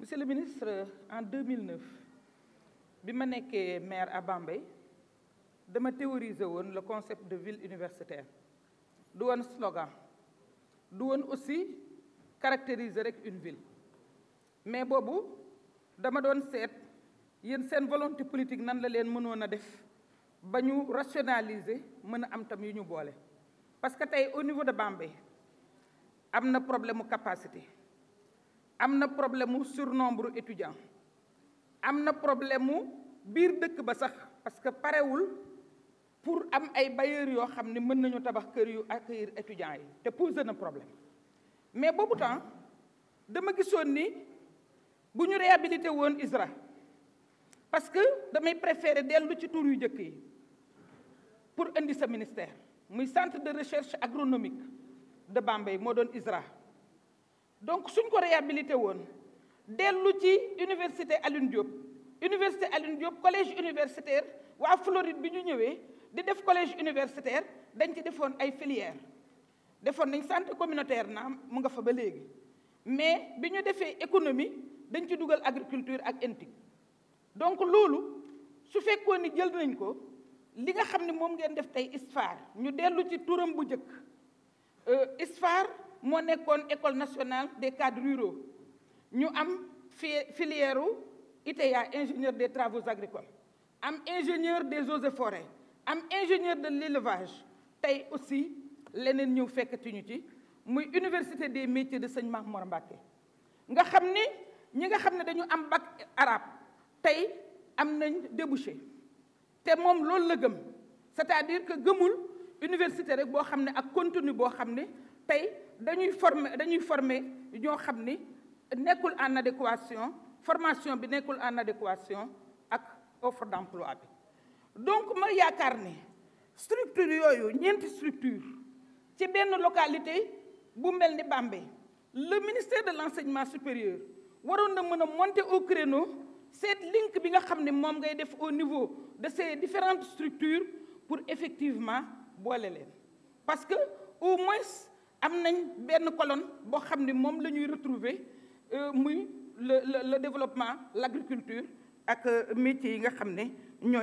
Monsieur le ministre, en 2009, je suis maire à Bambay, de théoriser le concept de ville universitaire du un slogan du aussi caractériser une ville mais je dama il que c'est une volonté politique nan la leen mënoon def bañu rationaliser mëna am tam yuñu bolé parce que tay au niveau de Bambey amna problème capacité amna problème mu surnombre étudiant amna problème bir biir dëkk ba sax parce que parewul pour am ay bailleurs yo xamni ne mën nañu tabax kër yu accueillir étudiants yi té posé na problème mais bobu temps dama gissone ni buñu réhabiliter réhabilité woon ISRA parce que damay préférer dellu ci tour yu njëkk yi pour un indi sa ministère le centre de recherche agronomique de Bambey moo doon ISRA donc suñ ko réhabilité woon dellu ci université l'université. Diop à l'université, Diop collège universitaire waa Floride bi ñu ñëwee di def collège universitaire dañ ci defoon ay filières defoon nañ centre communautaire naam mu nga fa ba léegi mais bi ñu defee économie dañ ci dugal agriculture ak ENTIC donc loolu su fekkoon ni jël ko li nga xam ne moom ngeen def tey ISFAR ñu dellu ci turam bu njëkk euh, ISFAR moo nekkoon école nationale des cadres ruraux ñu am filière ITEA ingénieur des travaux agricoles am ingénieur des eaux et forêts am ingénieur de l'élevage tey aussi leneen ñëw fekkatuñu ci muy université des métiers de sëñ Mor Mbacke nga xam ni ñi nga xam ne dañu am bac arabe tey am nañ débouché té mom loolu la gëm c'est-à-dire que gëmul université rek bo xamné ak contenu bo xamné tay dañuy former dañuy former ñoo xamné nekul en adéquation formation bi nekul en adéquation ak offre d'emploi bi donc ma yaakaar ne structure yoyu ñent structure ci ben localité bu melni ni Bambey le ministère de l'enseignement supérieur waroon na mën monter au créneau cette link bi nga xamné mom au niveau de ces différentes structures pour effectivement les leen parce que au moins am nañ une colonne qui xamné mom lañuy retrouver euh, le développement l'agriculture ak euh, métier yi nga xamné ñoo